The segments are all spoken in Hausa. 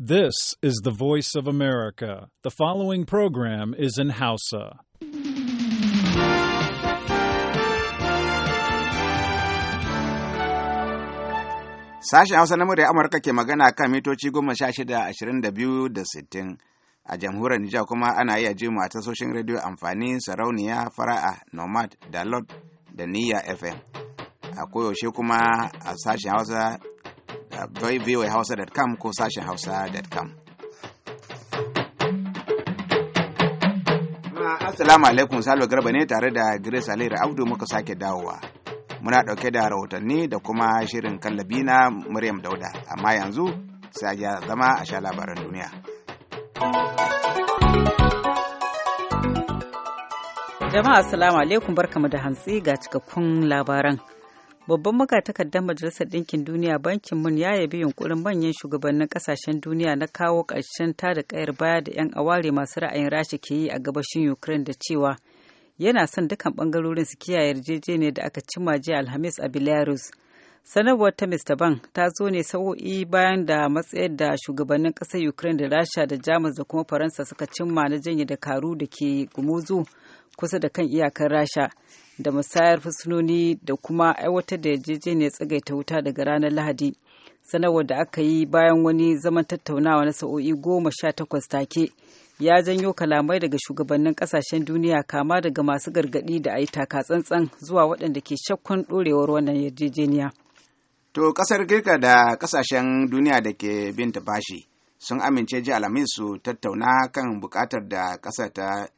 This is the voice of America. The following program is in Hausa. Sashen Hausa na murya Amurka ke magana kan mitoci goma sha shida, ashirin da biyu da sittin. A jamhuriyar Nijar kuma ana iya ji mu a tasoshin rediyo amfani sarauniya fara'a nomad da lord da niyya FM. A koyaushe kuma a sashen Hausa ta voahausa.com ko sashen hausa.com. Assalamu alaikum Salwa Garba ne tare da Grace Alayra Abdu muka sake dawowa. Muna ɗauke da rahotanni da kuma shirin kallabi na Maryam Dauda, amma yanzu sai ya zama a sha labaran duniya. Jama'a assalamu alaikum barkamu da hantsi ga cikakkun labaran. babban magatakardar majalisar ɗinkin duniya bankin mun ya yabi yunkurin manyan shugabannin kasashen duniya na kawo ƙarshen tada ƙayar baya da 'yan aware masu ra'ayin rasha ke yi a gabashin ukraine da cewa yana son dukkan bangarorin su kiyaye yarjejeniyar da aka cimma jiya alhamis a belarus sanarwar ta mr bank ta zo ne sa'o'i bayan da matsayar da shugabannin ƙasar ukraine da rasha da jamus da kuma faransa suka cimma na janye da karu da ke gumuzu kusa da kan iyakar rasha da musayar fursunoni da kuma aiwatar da yarjejeniyar tsagaita wuta daga ranar lahadi sanarwar da aka yi bayan wani zaman tattaunawa na sa'o'i goma sha takwas take ya janyo kalamai daga shugabannin kasashen duniya kama daga masu gargadi da a yi tsantsan zuwa waɗanda ke shakkun ɗorewar wannan yarjejeniya. To ƙasar Girka da ƙasashen duniya da ke bin ta bashi sun amince ji alamin su tattauna kan buƙatar da ƙasar ta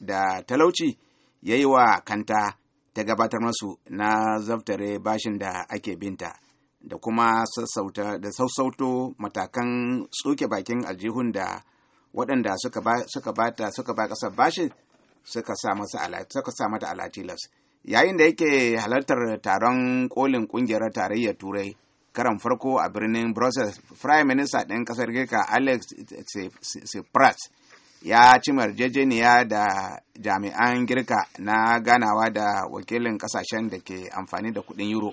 da talauci ya yi wa kanta ta gabatar masu na zaftare bashin da ake binta da kuma sassauta da sassauto matakan tsoke bakin aljihun da waɗanda suka ba ta suka ba ƙasar bashin suka sa masa suka sa mata alatilas yayin da yake halartar taron kolin ƙungiyar tarayyar turai karan farko a birnin brussels prime minister ɗin ƙasar girka alex tsipras ya ci marjejeniya da jami'an girka na ganawa da wakilin kasashen da ke amfani da kudin euro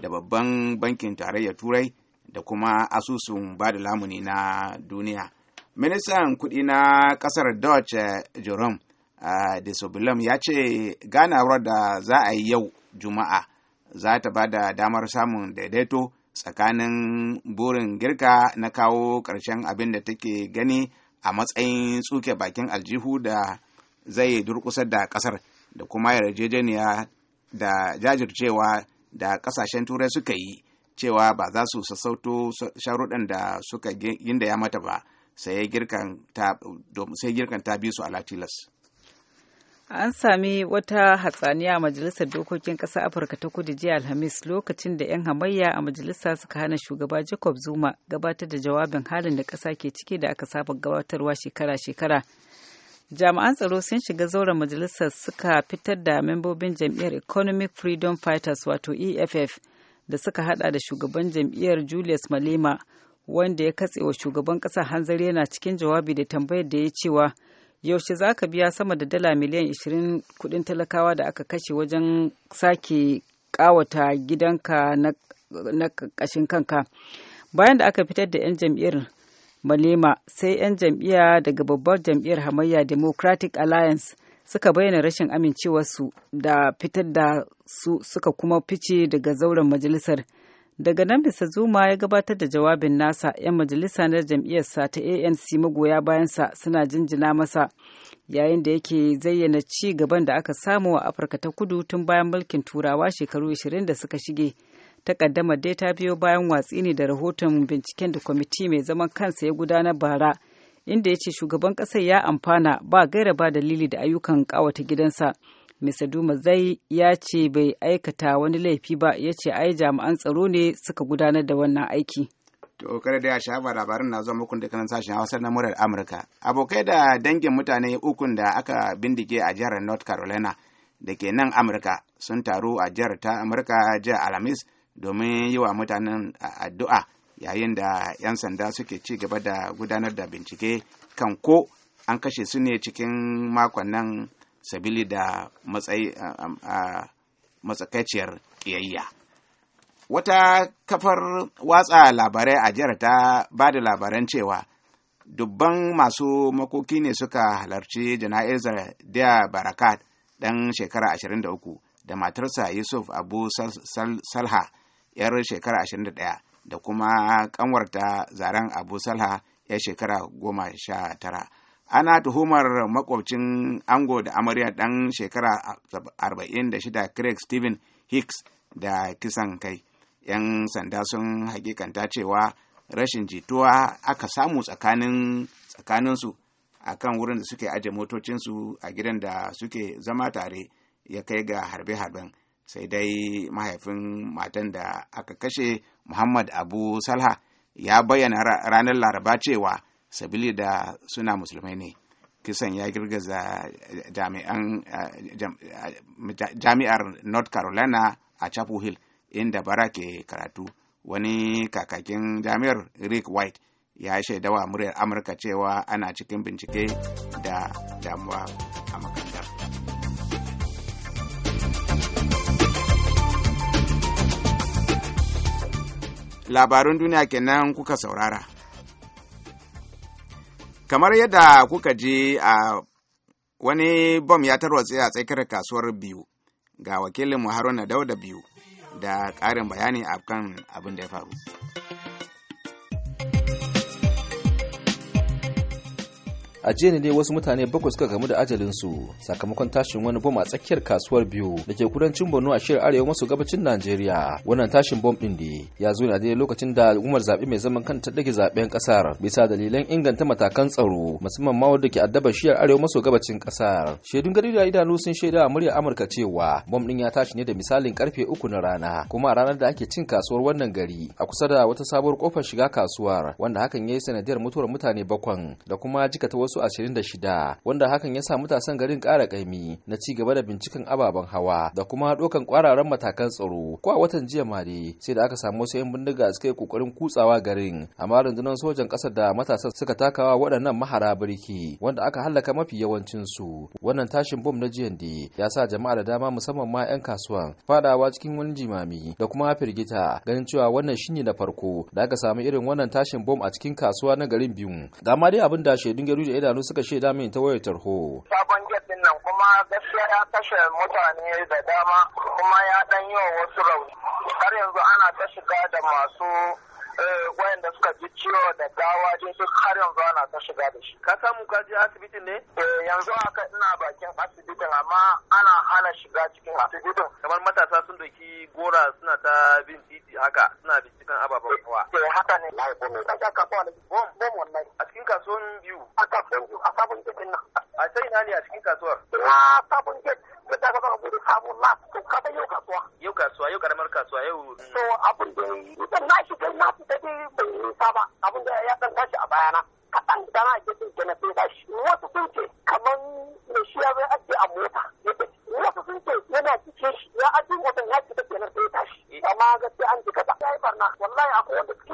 da babban bankin tarayyar turai da kuma asusun ba da lamuni na duniya ministan kudi na kasar dutch jerome uh, ya ce ganawar da za a yi yau juma'a za ta ba da damar samun daidaito tsakanin burin girka na kawo ƙarshen abin da take gani a matsayin tsuke bakin aljihu da zai durƙusa da kasar da kuma yarjejeniya da jajircewa da kasashen turai suka yi cewa ba za su sassauto sharuɗan da suka ginda ya mata ba sai girkan ta bi su ala tilas. An sami wata hatsaniya a Majalisar Dokokin Ƙasar Afirka ta Kudu jiya Alhamis lokacin da 'yan hamayya a majalisa suka hana shugaba Jacob Zuma gabatar da jawabin halin da ƙasa ke ciki da aka saba gabatarwa shekara-shekara. Jami'an tsaro sun shiga zauren majalisar suka fitar da membobin jam'iyyar Economic Freedom Fighters wato EFF da suka hada da shugaban jam'iyyar Julius Malema wanda ya katsewa shugaban ƙasa hanzari yana cikin jawabi da tambayar da ya cewa yaushe za ka biya sama da dala miliyan 20 kudin talakawa da aka kashe wajen sake kawata gidanka na kashin kanka bayan da aka fitar da 'yan jam'iyyar malema sai 'yan jam'iyya daga babbar jam'iyyar hamayya democratic alliance suka bayyana rashin amincewarsu da fitar da su suka kuma fice daga zauren majalisar daga nan bisa zuma ya gabatar da jawabin nasa 'yan majalisa na jam'iyyarsa ta anc magoya bayansa suna jinjina masa yayin da yake zayyana ci gaban da aka samu a afirka ta kudu tun bayan mulkin turawa shekaru 20 da suka shige takaddamar dai ta biyo bayan watsi ne da rahoton binciken da kwamiti mai zaman kansa ya gudanar bara inda ya ce shugaban ƙasar ya amfana ba gaira ba dalili da ayyukan ƙawata gidansa Mr. Duma zai ya ce bai aikata wani laifi ba ya ce ai jami'an tsaro ne suka gudanar da wannan aiki. To kada da ya shafa labarin na zuwa mukun da sashen Hausa na murar Amurka. Abokai da dangin mutane ukun da aka bindige a jihar North Carolina da ke nan Amurka sun taru a jihar ta Amurka jihar Alhamis domin yi wa mutanen addu'a yayin da 'yan sanda suke ci gaba da gudanar da bincike kan ko an kashe su ne cikin makon nan sabili da matsakaiciyar ƙiyayya wata kafar watsa labarai a jihar ta ba da labaran cewa dubban masu makoki ne suka halarci jana'izar da barakat ɗan shekara 23 da matarsa yusuf abu salha yar shekara 21 da kuma kanwarta zaren abu salha yar shekara 19 ana tuhumar makwabcin ango da amarya dan shekara 46 craig steven hicks da kisan kai 'yan sanda sun hakikanta cewa rashin jituwa aka samu tsakanin tsakaninsu a kan wurin da suke aje motocinsu a gidan da suke zama tare ya kai ga harbe-harben sai dai mahaifin matan da aka kashe muhammad abu salha ya bayyana ranar laraba cewa sabili da suna musulmai ne kisan ya girgaza eh, eh, eh, jami'ar north carolina a chapel hill inda bara ke karatu wani kakakin jami'ar rick white ya shaidawa muryar amurka cewa ana cikin bincike da damuwa a makarantar labarun duniya kenan kuka saurara kamar yadda kuka ji a wani bom ya tarwatse a tsakiyar kasuwar biyu ga wakilin haruna dauda biyu da ƙarin bayani a kan abin da ya faru. a jiya ne dai wasu mutane bakwai suka gamu da ajalinsu sakamakon tashin wani bom a tsakiyar kasuwar biyu da ke kudancin borno a shirin arewa maso gabacin najeriya wannan tashin bom din ne ya zo ne a daidai lokacin da al'ummar zaɓe mai zaman kanta dage zaɓen ƙasar bisa dalilan inganta matakan tsaro musamman ma wanda ke addabar shiyar arewa maso gabacin ƙasar shaidun gari da idanu sun shaida a muryar amurka cewa bom din ya tashi ne da misalin karfe uku na rana kuma a ranar da ake cin kasuwar wannan gari a kusa da wata sabuwar kofar shiga kasuwar wanda hakan ya yi sanadiyar mutuwar mutane bakwan da kuma jikata wasu kaso 26 wanda hakan ya sa matasan garin ƙara ƙaimi na ci gaba da binciken ababen hawa da kuma dokan kwararan matakan tsaro ko a watan jiya mare sai da aka samu wasu 'yan bindiga suka yi kokarin kutsawa garin amma rundunar sojan ƙasar da matasan suka takawa waɗannan mahara birki wanda aka hallaka mafi yawancinsu wannan tashin bom na jiyan ya sa jama'a da dama musamman ma 'yan kasuwan fadawa cikin wani jimami da kuma firgita ganin cewa wannan shine na farko da aka samu irin wannan tashin bom a cikin kasuwa na garin biyu ga ma dai abin da shaidun da idanu suka shaida min ta wayar tarho sabon gate din nan kuma gaskiya ya kashe mutane da dama kuma ya dan yi wa wasu rauni har yanzu ana ta shiga da masu Eh, wayanda suka ji ciwo da gawa je duk har yanzu ana ta shiga da shi. Ka samu ka je asibitin ne? Eh yanzu haka ina bakin asibitin amma ana hana shiga cikin asibitin. Kamar matasa sun doki gora suna ta bin titi haka suna bincikan ababen hawa. Eh, eh haka ne. Lai bom ka ga kasuwa ne. Bom bom wallahi. A cikin kasuwan biyu. A kasuwan biyu a sabon gidan nan. A sai ina ne a cikin kasuwar? Na sabon gidan. Ka ta gaba ka gudu sabon lafi. Ka ta yau kasuwa. Yau kasuwa yau karamar kasuwa yau. So abin da ya yi. Idan na shiga na fi ita dai bai nisa abin da ya ɗan tashi a bayana kaɗan da na ake sun gina sai tashi wasu sun ce kamar me shi ya zai ajiye a mota wasu sun ce yana cikin shi ya ajiye motan ya fita kenan sai tashi amma gaskiya an ji kaɗan ya yi barna wallahi akwai wanda suke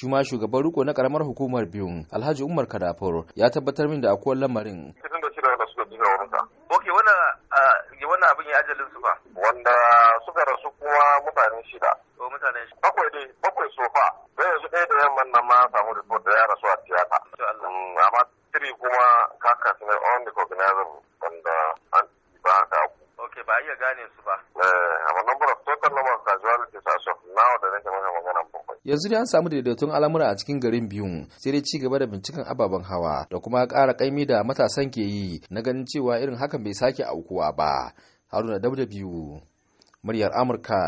shi ma shugaban riko na karamar hukumar biyun alhaji umar kadafur ya tabbatar min da akwai lamarin ok wannan abin ya ajalin su fa. Wanda suka rasu kuma mutane shida. Ko oh, mutane shida. Bakwai ne, bakwai sofa. Sai yanzu ɗaya da yamman nan ma samu report da ya rasu a tiyata. Mm, amma tiri kuma kaka su ne on the cognizant wanda an ba ka abu. Ok, ba a iya gane su ba. Eh, amma number of total number of casualties a so. yanzu dai an samu daidaitun al'amura a cikin garin biyu, sai dai ci gaba da binciken ababen hawa da kuma kara kaimi da matasan ke yi na ganin cewa irin hakan bai sake aukuwa ba haruna dauda biyu muryar amurka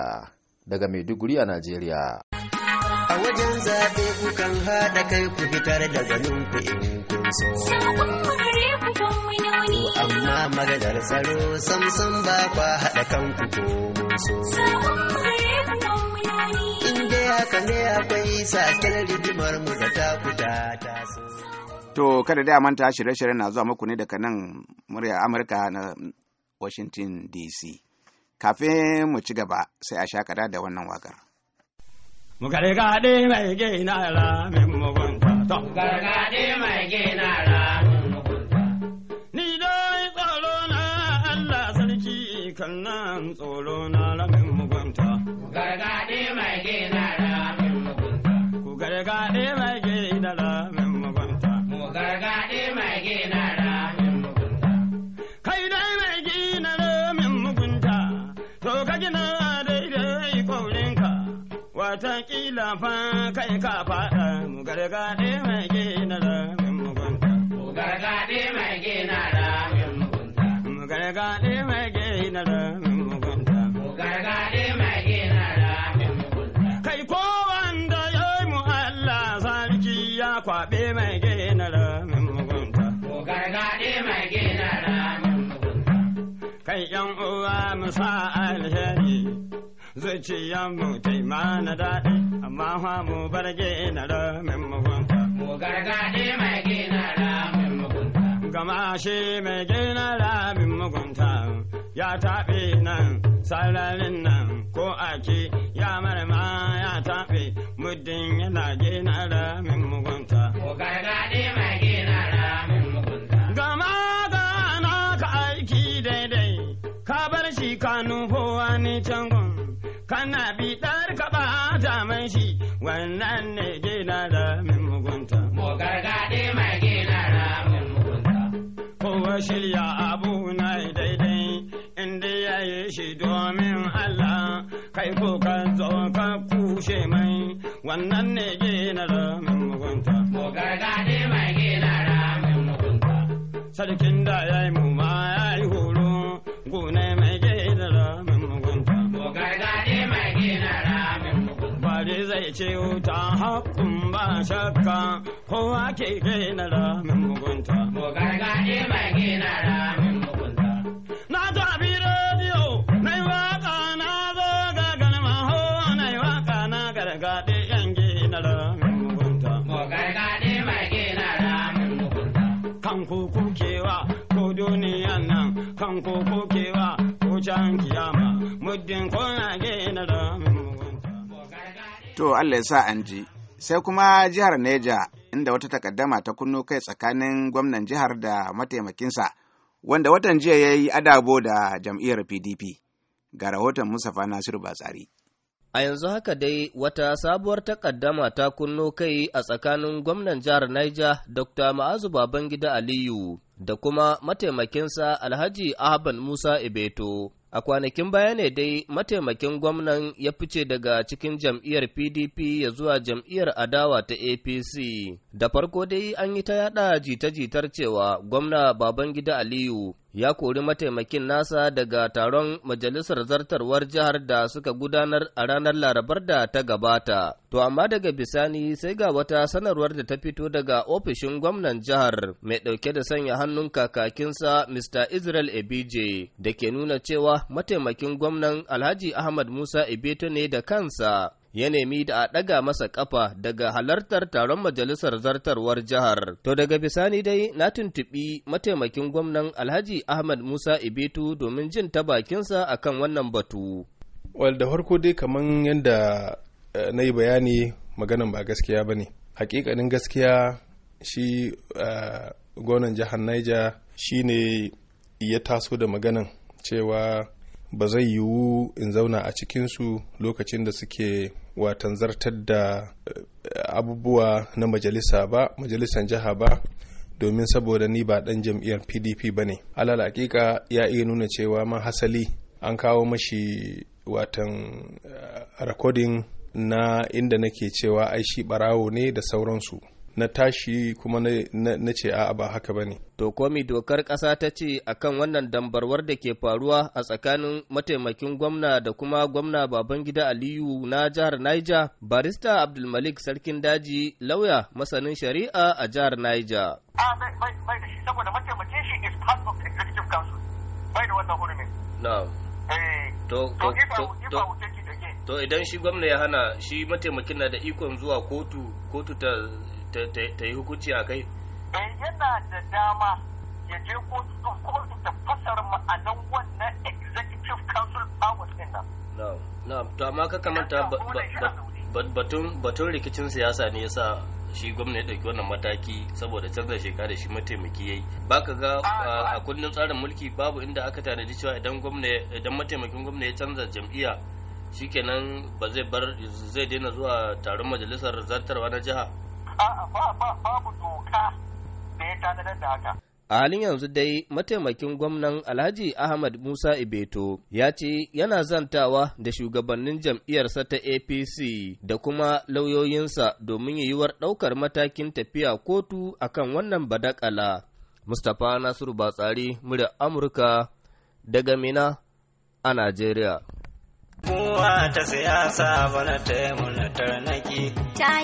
daga maiduguri a najeriya a wajen zaɓe kukan haɗa kai ku fitar da zanen ku in kun so amma maganar tsaro samsam ba kwa haɗa kanku ko mun so akwai rigimar mu da ta ta To kada da manta shirye-shiryen na zuwa muku ne daga nan murya Amurka na Washington DC. Kafin mu ci gaba sai a shakada da wannan wakar. Mu gargaɗe mai gina ra mai mugunta. Gargaɗe mai gina ra. daga ne mai zuciyanmu ta yi mana daɗi amma fa mu bar gina ramin mugunta. Mu gargaɗe mai gina ramin mugunta. Gama shi mai gina ramin mugunta ya taɓe nan sararin nan ko ake ya marma ya taɓe muddin yana gina ramin mugunta. Mu gargaɗe mai gina ramin mugunta. Gama gana ka aiki daidai ka bar shi ka nufo wani can kana bi ka ba zaman shi wannan ne gina da min mugunta. Mo gargade mai gina da min mugunta. Kowa shirya abu na daidai inda ya yi shi domin Allah kai ko ka zo ka kushe mai wannan ne gina da min mugunta. Mo gargade mai gina da min mugunta. Sarkin da ya yi mu ma ya yi horo gune ce wuta haƙun ba shakka kowa ke gina ramin mugunta. Ko gargaɗi mai gina ramin mugunta. Na ta rediyo, na yi waka na zo ga galma ho, na yi waka na gargaɗi yan gina ramin mugunta. Ko gargaɗi mai gina ramin mugunta. Kan kuku kewa ko duniyan nan, kan kuku kewa ko can kiyama, muddin kuna to allah ya sa an ji sai kuma jihar neja inda wata takaddama ta kunno kai tsakanin gwamnan jihar da mataimakinsa wanda watan jiya ya yi adabo da jam'iyyar pdp ga rahoton Mustapha Nasiru Batsari. A yanzu haka dai wata sabuwar takaddama ta kunno kai a tsakanin gwamnan jihar Niger Dr. Ma'azu Babangida Aliyu da kuma mataimakinsa Alhaji Ahban Musa Ibeto. A kwanakin baya ne dai mataimakin gwamnan ya fice daga cikin jam'iyyar PDP ya zuwa jam'iyyar adawa ta APC. Da farko dai an yi ta yada jita-jitar cewa gwamna Babangida Aliyu ya kori mataimakin nasa daga taron majalisar zartarwar jihar da suka gudanar a ranar larabar da ta gabata. To amma daga bisani sai ga wata sanarwar da ta fito daga ofishin gwamnan jihar mai ɗauke da sanya hannun kakakinsa Mr. Israel Ebije da ke nuna cewa mataimakin gwamnan Alhaji Ahmad Musa Ebeto ne da kansa. ya nemi da a ɗaga masa ƙafa daga halartar taron majalisar zartarwar jihar. To daga bisani dai na tuntuɓi mataimakin gwamnan Alhaji Ahmad Musa Ibitu domin jin ta bakinsa akan wannan batu. Wal da farko dai kaman yadda eh, na yi bayani maganan ba gaskiya ba ne. Hakikanin gaskiya shi eh, gwamnan jihar Niger shi ne ya taso da maganan cewa ba zai yiwu in zauna a cikinsu lokacin da suke watan zartar da eh, abubuwa na majalisa ba majalisar jiha ba domin saboda ni ba dan jam'iyyar pdp ba ne alal hakika ya iya nuna cewa ma hasali an kawo mashi watan uh, eh, rakodin na inda nake cewa aishi shi barawo ne da sauransu na tashi kuma na ce a'a ba haka ba ne. To komi dokar ƙasa ta ce akan wannan dambarwar da ke faruwa a tsakanin mataimakin gwamna da kuma gwamna Babangida Aliyu na jihar Niger, barista Abdulmalik Sarkin Daji lauya masanin shari'a a jihar Niger. A ah, bai da shi saboda mataimakin shi is part of executive council. Bai da wannan hurumin. Na. Eh, to, to, to, to, idan shi gwamna ya hana shi mataimakin na da ikon zuwa kotu kotu ta ta yi hukunci a kai eh yana da dama ya je kotu ta fasar ma'anan wannan executive council power din nan na to amma ka kamanta batun rikicin siyasa ne yasa shi gwamna ya ɗauki wannan mataki saboda canza shekara shi mataimaki ya yi. Ba ka ga ah, ah, ah. a kundin tsarin mulki babu inda aka tanadi cewa idan gwamna idan mataimakin gwamna ya canza jam'iyya shikenan ba zai bar zai daina zuwa taron majalisar zartarwa na jiha A halin yanzu dai mataimakin gwamnan Alhaji Ahmad Musa Ibeto ya ce yana zantawa da shugabannin jam'iyyarsa ta APC da kuma lauyoyinsa domin yiwuwar ɗaukar matakin tafiya kotu akan wannan badakala. Mustapha Nasiru Batsari, murya Amurka daga Mina a Najeriya. Kowa ta siyasa bana ta na tarnaki. Ta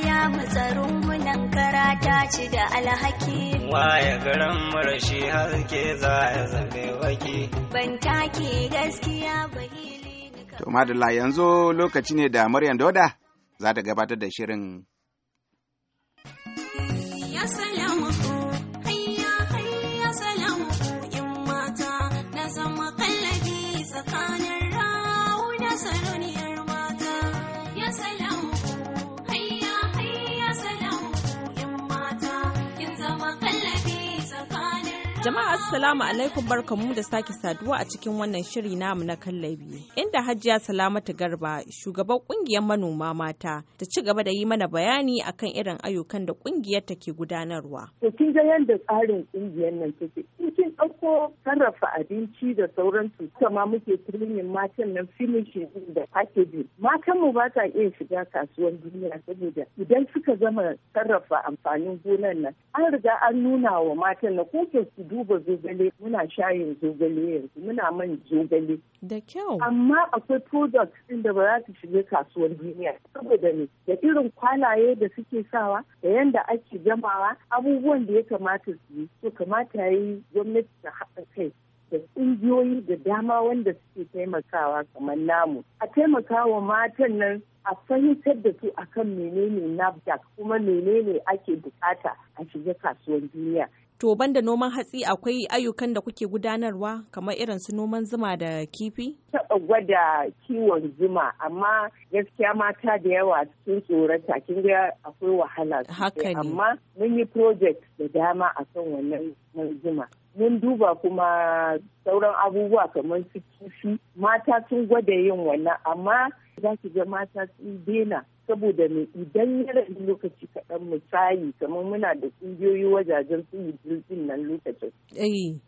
tsaron munan kara ta ci da alhaki waye garin marashi haske za ya zame waki ban take gaskiya ba hili to madalla yanzu lokaci ne da maryam doda za ta gabatar da shirin Jama'a Assalamu alaikum barkamu da sake saduwa a cikin wannan shiri namu na kallabi. Inda Hajiya Salamatu Garba, shugaban kungiyar manoma mata, ta ci gaba da yi mana bayani akan irin ayyukan da kungiyar ta ke gudanarwa. To kin ga yadda tsarin kungiyar nan take. Kin ɗauko sarrafa abinci da sauran su? Kuma muke turmin matan nan finishin da packaging. Matan mu ba ta iya shiga kasuwar duniya saboda idan suka zama sarrafa amfanin gonan nan an riga an nuna wa matan na ko su duba zogale muna shayin zogale yanzu muna man zogale da kyau amma akwai product din da ba za ta shiga kasuwar duniya saboda ne da irin kwalaye da suke sawa da yanda ake jamawa abubuwan da ya kamata su yi to kamata ya yi gwamnati ta haɗa kai da ƙungiyoyi da dama wanda suke taimakawa kamar namu a taimakawa matan nan a fahimtar da su akan menene NAFDAC kuma menene ake bukata a shiga kasuwar duniya To banda noman hatsi akwai ayyukan da kuke gudanarwa kamar irin su noman zuma da kifi? Taɓa gwada kiwon zuma amma gaskiya mata da yawa sun tsorata kin ga akwai wahala. Haka ne. Amma mun yi project da dama akan wannan zuma. mun duba kuma sauran abubuwa kamar su kifi mata sun gwada yin wannan amma za ki ga mata sun dena saboda mai idan ya rabu lokaci kaɗan misali kamar muna da ƙungiyoyi wajajen tsibirin jirgin nan lokacin.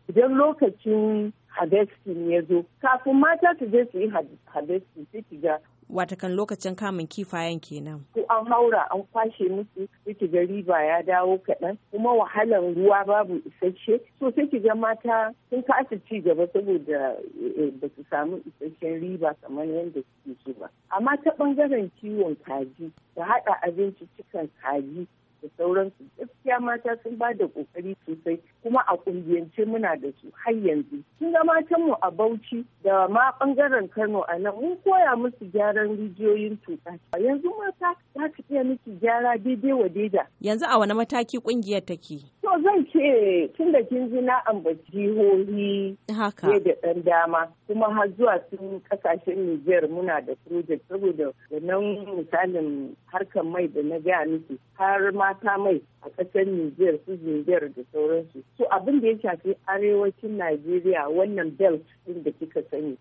Idan lokacin harvesting ya zo kafin mata su je su yi harvesting sai ki ga watakan lokacin kamun kifayen kenan. ko an haura an kwashe musu sai ga riba ya dawo kaɗan kuma wahalan ruwa babu isasshe so sai ki ga mata sun kasa ci gaba saboda eh, eh, ba su samu isasshen riba kamar yadda suke so ba. Amma ta ɓangaren kiwon kaji da haɗa abinci cikin kaji da sauransu gaskiya mata sun ba da kokari sosai kuma a kungiyance muna da su har yanzu sun ga matan mu a Bauchi da ma bangaren Kano a nan mun koya musu gyaran rijiyoyin tuka yanzu mata za su iya miki gyara daidai wa daida yanzu a wani mataki kungiyar take To zan ce tun da kin ji na ambaci jihohi ne da ɗan dama kuma har zuwa sun kasashen Nijar muna da project saboda da nan misalin harkar mai da na gaya miki har mata mai a ƙasar Nijar su Nijar da sauransu. So abin da ya shafi arewacin Najeriya wannan belt ɗin da kika sani.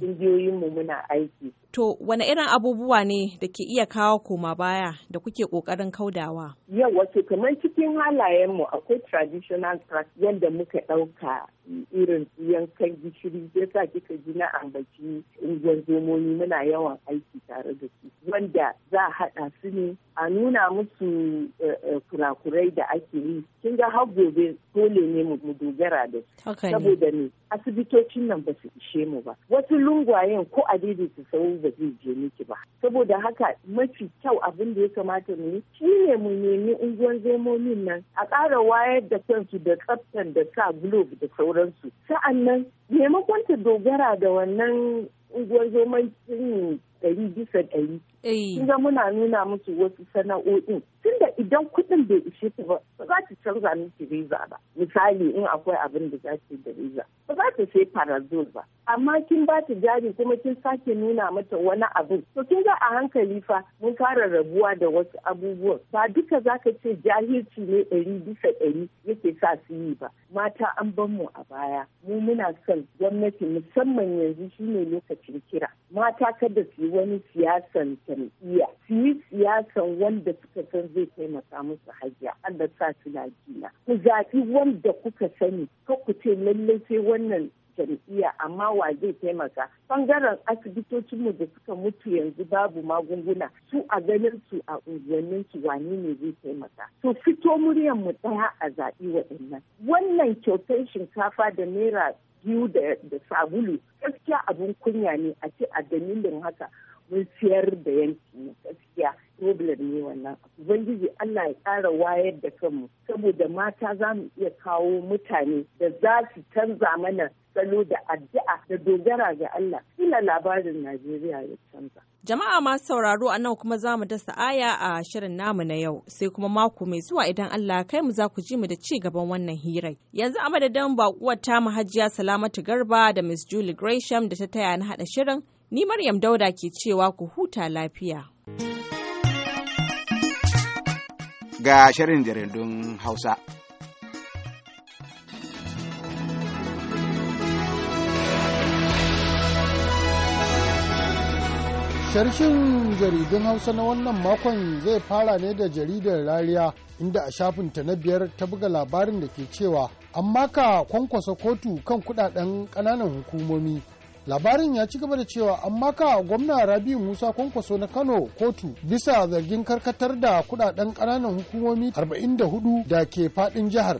Ƙungiyoyinmu muna aiki. To, wane irin abubuwa ne da ke iya kawo koma baya da kuke ƙoƙarin kaudawa? Yau wato kamar cikin halayenmu akwai traditional trust yadda muka ɗauka irin yankan gishiri sai sa kika ji na ambaci unguwar zomomi muna yawan aiki tare da su wanda za a haɗa su ne a nuna musu eh, eh, kurakurai da ake yi kin ga har gobe dole ne mu dogara da su saboda ne asibitocin nan ba su ishe mu ba wasu lungwayen ko a su sau ba zai je miki ba saboda haka mafi kyau abin da ya kamata mu yi ne mu nemi unguwan zomomin nan a ƙara wayar da kansu da tsaftan da sa globe da sauransu sa'annan maimakon ta dogara da wannan unguwar zoman ɗari bisa ɗari. Kinga muna nuna musu wasu sana'o'in. Tunda idan kuɗin bai ishe su ba, ba za ta canza miki reza ba. Misali in akwai abin da za ta da reza. Ba za ta sai parazol ba. Amma kin ba ta jari kuma kin sake nuna mata wani abin. To kin ga a hankali fa mun fara rabuwa da wasu abubuwan. Ba duka za ka ce jahilci ne ɗari bisa ɗari yake sa su yi ba. Mata an ban mu a baya. Mu muna son gwamnati musamman yanzu shine lokacin kira. Mata kada su yi wani siyasan jam'iyya su yi siyasan wanda suka san zai taimaka musu hajiya Allah sa suna jina ku zaɓi wanda kuka sani ka ku ce lallai sai wannan jam'iyya amma wa zai taimaka bangaren asibitocinmu da suka mutu yanzu babu magunguna su a ganin su a unguwannin su wani ne zai taimaka to fito muryan mu daya a zaɓi waɗannan wannan kyautar shinkafa da naira biyu da sabulu gaskiya abun kunya ne a ce a dalilin haka mun siyar da yanki gaskiya problem ne wannan ubangiji allah ya ƙara wayar da kanmu saboda mata za mu iya kawo mutane da za su canza mana salo da addu'a da dogara ga Allah kila labarin Najeriya ya canza. Jama'a masu sauraro a nan kuma za mu dasa aya a shirin namu na yau sai kuma mako mai zuwa idan Allah kai mu za ku ji mu da ci gaban wannan hirai. Yanzu a madadin bakuwar ta Hajiya Salamatu Garba da Miss Julie Gresham da ta taya na haɗa shirin, ni Maryam Dauda ke cewa ku huta lafiya. Ga shirin jaridun Hausa. Sharshin jaridun Hausa na wannan makon zai fara ne da jaridar rariya inda a shafin ta na biyar ta buga labarin da ke cewa an maka kwankwasa kotu kan kudaden kananan hukumomi. Labarin ya ci gaba da cewa an maka gwamna Rabi Musa kwankwaso na Kano kotu bisa zargin karkatar da kudaden kananan hukumomi 44 da ke fadin jihar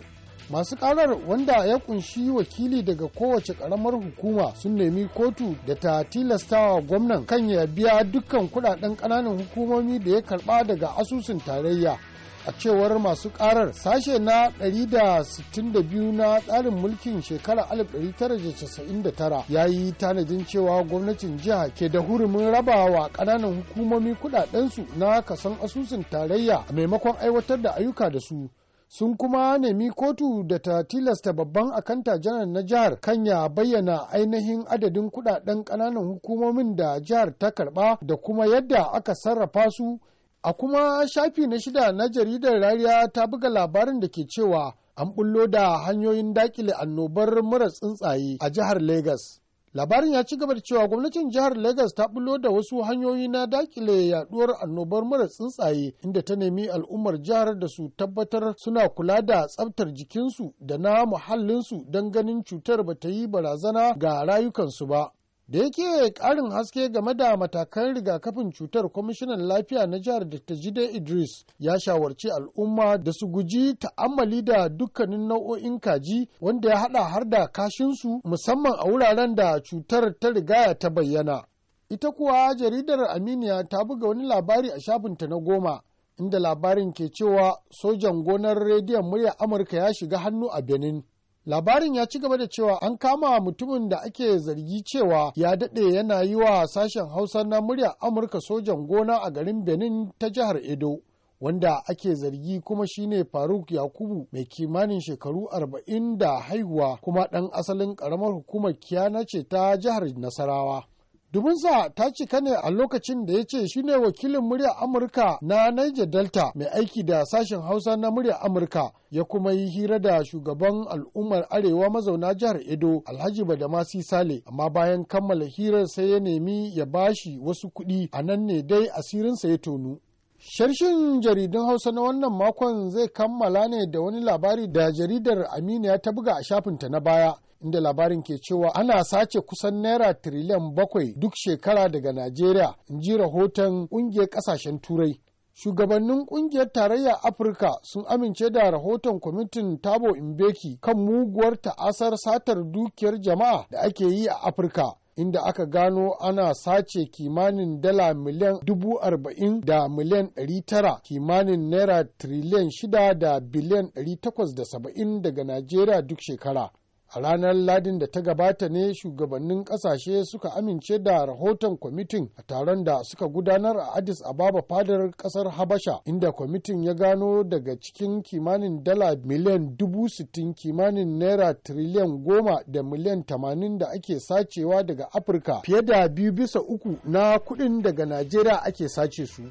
masu karar wanda ya kunshi wakili daga kowace karamar hukuma sun nemi kotu da ta tilastawa gwamnan kan ya biya dukkan kudaden kananan hukumomi da ya karba daga asusun tarayya a cewar masu karar sashe na 162 na tsarin mulkin shekara 1999 ya yi tanadin cewa gwamnatin jiha ke da hurumin rabawa wa kananan hukumomi kudadensu na kasan asusun tarayya a maimakon aiwatar da ayyuka da su sun kuma nemi kotu da ta tilasta babban akanta janar na jihar kanya bayyana ainihin adadin kudaden kananan hukumomin da jihar ta karba da kuma yadda aka sarrafa su a kuma shafi na shida na jaridar rariya ta buga labarin da ke cewa an bullo da hanyoyin dakile annobar mura tsuntsaye a jihar Legas. labarin ya ci gaba da cewa gwamnatin jihar lagos ta bulo da wasu hanyoyi na dakile yaduwar annobar mara tsuntsaye inda ta nemi al'ummar jihar da su tabbatar suna kula da tsabtar jikinsu da na muhallinsu don ganin cutar ba ta yi barazana ga rayukansu ba da yake karin haske game da matakan rigakafin cutar kwamishinan lafiya na jihar da ta jide idris ya shawarci al'umma da su guji ta'ammali da dukkanin nau'o'in kaji wanda ya hada har da kashinsu musamman a wuraren da cutar ta rigaya ta bayyana ita kuwa jaridar aminiya ta buga wani labari a shafinta na goma inda labarin ke cewa sojan gonar rediyon murya amurka ya shiga hannu a benin Labarin ya ci gaba da cewa an kama mutumin da ake zargi cewa ya daɗe yana yi wa sashen Hausa na murya Amurka sojan gona a garin Benin ta jihar Edo. Wanda ake zargi kuma shine Faruk Yakubu mai kimanin shekaru arba'in da haihuwa kuma ɗan asalin ƙaramar hukumar kiyana ce ta jihar Nasarawa. Dubinsa ta cika ne a lokacin da ya ce shi ne wakilin murya Amurka na Niger Delta mai aiki da sashen Hausa na murya Amurka ya kuma yi hira da shugaban al'ummar Arewa mazauna jihar Edo Alhaji Badamasi Sale amma bayan kammala hirar sai ya nemi ya bashi wasu kuɗi a nan ne dai asirinsa ya tonu. Sharshin jaridun Hausa na wannan makon zai kammala ne da wani labari da jaridar Aminiya ta buga a shafinta na baya. inda labarin ke cewa ana sace kusan naira tiriliyan bakwai duk shekara daga najeriya in ji rahoton ƙungiyar ƙasashen turai shugabannin kungiyar tarayyar afirka sun amince da rahoton kwamitin tabo imbeki kan muguwar ta'asar satar dukiyar jama'a da ake yi a afirka inda aka gano ana sace kimanin dala miliyan dubu arba'in da miliyan ɗari tara kimanin naira triliyan shida da biliyan ɗari takwas da saba'in daga najeriya duk shekara a ranar ladin da ta gabata ne shugabannin kasashe suka amince da rahoton kwamitin a taron da suka gudanar a addis ababa fadar kasar habasha inda kwamitin ya gano daga cikin kimanin dala miliyan dubu sittin kimanin naira triliyan goma da miliyan tamanin da ake sacewa daga afirka fiye da biyu bisa uku na kuɗin daga najeriya ake sace su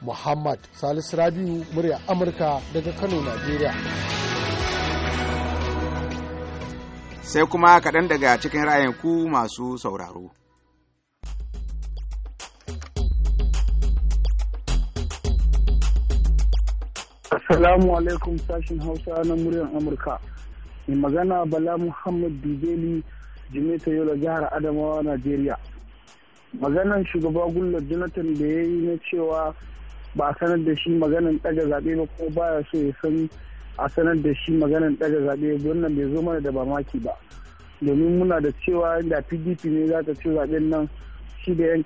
muhammad salisu rabiu murya amurka daga kano najeriya sai kuma kaɗan daga cikin ra'ayin masu sauraro. Assalamu alaikum sashen Hausa na muryar Amurka. Mai magana Bala Muhammad Bijeli Jimeta Yola jihar Adamawa, Najeriya. Maganan shugaba Gullar Jonathan da ya yi na cewa ba sanar da shi maganan ɗaga zaɓe ba ko baya so ya san a sanar da shi maganar daga zaɓe wannan bai zo mana da ba ba domin muna da cewa da pdp ne za ta ci zaɓen nan shi da yan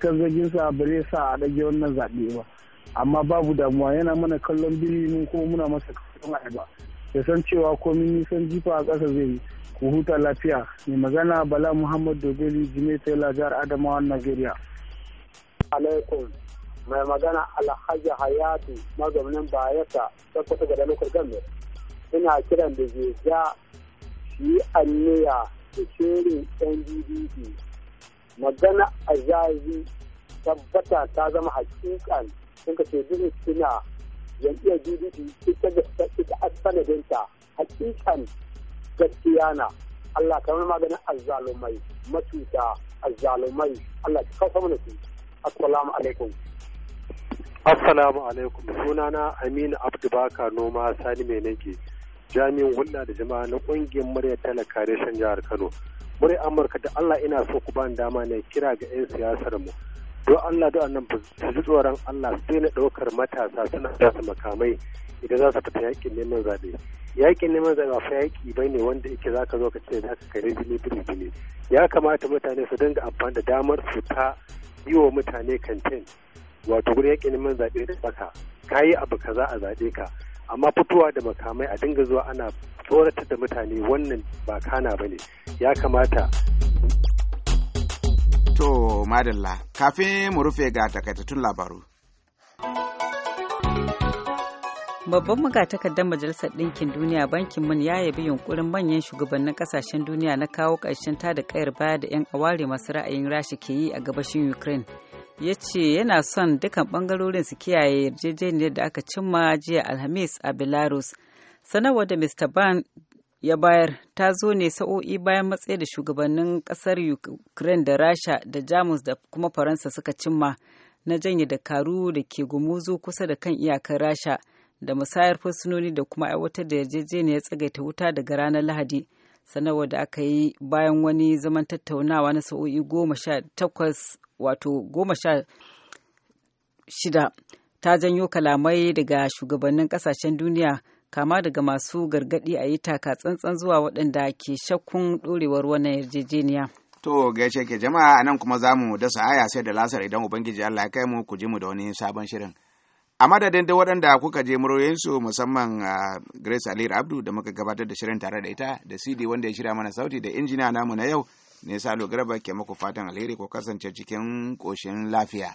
sa ba zai sa a ɗage wannan zaɓe ba amma babu damuwa yana mana kallon biri mun kuma muna masa kallon ayaba ya san cewa komin nisan jifa a ƙasa zai ku huta lafiya mai magana bala muhammad dogeli jimai taylor jihar adamawa nigeria alaikum mai magana alhaji hayatu mazaunin bayelsa ta kusa ga lokacin gambe ina kiran da zai ja yi annuya da shirin nddd magana a zazi tabbata ta zama hakikan sun ka ce duk suna jam'iyyar ddd ita da ita a sanadinta hakikan gaskiya na Allah kamar maganin azzalumai matuta azzalumai Allah ka kawo mana su assalamu alaikum assalamu alaikum sunana Aminu Abdubakar Noma Sani Menege jami'in hulɗa da jama'a na ƙungiyar murya talaka reshen jihar kano murya amurka da allah ina so ku bani dama ne kira ga 'yan siyasar mu do allah do annan su ji tsoron allah su daina ɗaukar matasa suna da makamai idan za su fita yaƙin neman zaɓe yaƙin neman zaɓe fa yaƙi ba ne wanda yake za ka zo ka ce za ka kare jini biri ya kamata mutane su dinga amfani da damar su ta yi wa mutane kantin wato gudun yaƙin neman zaɓe da ka yi abu kaza a zaɓe ka amma fitowa da makamai a dinga zuwa ana tsoratar da mutane wannan ba kana ba ne ya kamata to madalla kafin mu rufe ga takaitattun labaru babban magatakardar majalisar ɗinkin duniya bankin mun ya yabi yunkurin manyan shugabannin kasashen duniya na kawo ƙarshen tada kayar baya da 'yan aware masu ra'ayin rashi ke yi a gabashin ukraine ya ce yana son dukkan bangarorin su kiyaye yarjejeniyar da aka cimma jiya alhamis a belarus sanarwar da mr ban ya bayar ta zo ne sa'o'i bayan matsayi da shugabannin kasar ukraine da rasha da jamus da kuma faransa suka cimma na janye dakaru da ke gumuzu kusa da kan iyakar rasha da musayar fursunoni da kuma aiwatar da yarjejeniyar tsagaita wuta daga ranar lahadi sanarwar da aka yi bayan wani zaman tattaunawa na sa'o'i goma sha takwas wato goma sha shida ta janyo kalamai daga shugabannin kasashen duniya kama daga masu gargadi a yi taka tsantsan zuwa waɗanda ke shakkun ɗorewar wannan yarjejeniya. To gaishe ke jama'a anan kuma za mu dasa aya sai da lasar idan Ubangiji Allah ya kai mu ku ji mu da wani sabon shirin. A madadin da waɗanda kuka je muroyinsu musamman a ah, Grace Alir Abdu da muka gabatar da shirin tare da ita da CD wanda ya shirya mana sauti da injina namu na yau. ne salo garba ke muku fatan alheri ko kasance cikin ƙoshin lafiya.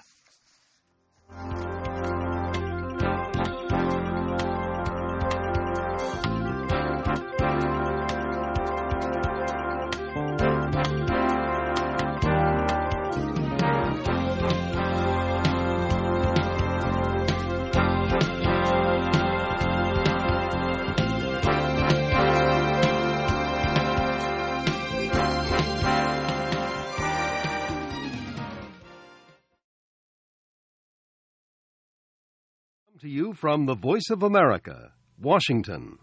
to you from the Voice of America, Washington.